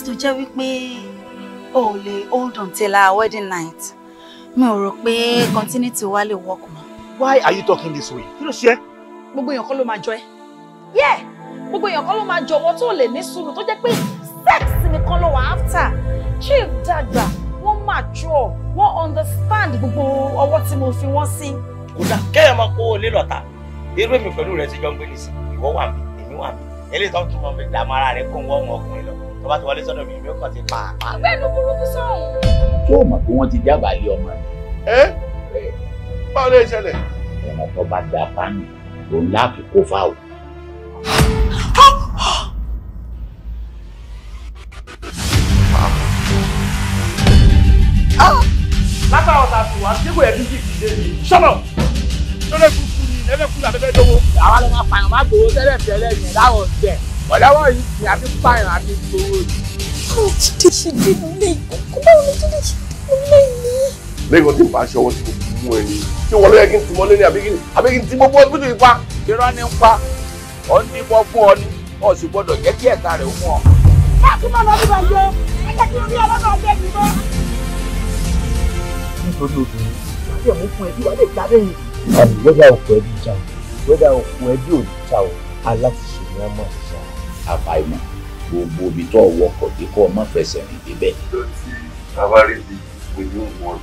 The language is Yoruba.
least tó jẹ́ wípé o ò lè hold on till our wedding night mi ò rò pé continuity wa lè work mọ́. why are you talking this way kí ló ṣe é. gbogbo èèyàn kọ́ ló máa jọ ẹ́ yẹ́ gbogbo èèyàn kọ́ ló máa jọ wọ́n tó lè ní sùúrù tó jẹ́ pé sex nìkan ló wà after chief dàgbà wọ́n mature wọ́n understand gbogbo ọwọ́ tí mo fi wọ́n sí. kódà kẹ́yọ̀ máa kó lé lọ́ta irú èmi pẹ̀lú rẹ̀ ti jọ ń gbé nìsín ìwọ wà mí èmi wà mí eléyìí tún mọ́ mi dààmú ara rẹ̀ kó ń wọ́n ọkùnrin lọ tó bá ti wọlé sọ́dọ̀ mi yóò kàn ti pàápàá. ọgbẹ́ni burúkú sọ̀hún. tó o mọ̀ pé wọ́n ti dábàá lé ọmọ rẹ̀. ẹ báwo lè ṣẹlẹ̀. ọmọ tó bá da fáànù òun láàfin kó fà o. látàwọn tàbí wà sígbò ẹbí jì kì í débi. sọ́nà lọ́lẹ́kùn fún mi lẹ́lẹ́kùn làbẹ́bẹ́ dọ́wọ́. àwa ló máa pààyàn má gbowó tẹ́lẹ̀ tẹ́lẹ̀ yẹn láwọn ọ̀sẹ̀ ọ̀lẹ́wọ̀ yìí ni a fi pààyàn àti gbowó rẹ̀. kò jíde ṣe bí mi kò báwo ni jíde ṣe bí mi ní. lẹ́yìn tí bá ṣọwọ́ tí mo mú ẹni tí wọ́n ló kí n ti ní àbí kí n gbogbo ọdún yìí pa. irọ́ ni ń pa ọ ní bọ́ fún ọ ni ọ̀ sì gbọ́dọ̀ jẹ́ kí ẹ̀ta rẹ̀ wọ́n. káàkiri náà lọ́dún bàjẹ́ ẹ jẹ́ kí n rí ọlọ́dún ọ̀gbẹ́ mi mọ́. nítorí obìnrin tí ọ̀hún fún ẹbí wà lè jáde yìí. àbí wẹ́dà òkú ẹbí já o wẹ́dà òkú ẹbí ò ní já o aláṣẹ ṣèlú ọmọ àfàìmọ̀ gbogbo ibi tó ọwọ́ kọ̀ dé kó rìn débẹ̀. lọ́tí abáríbi ojú wọn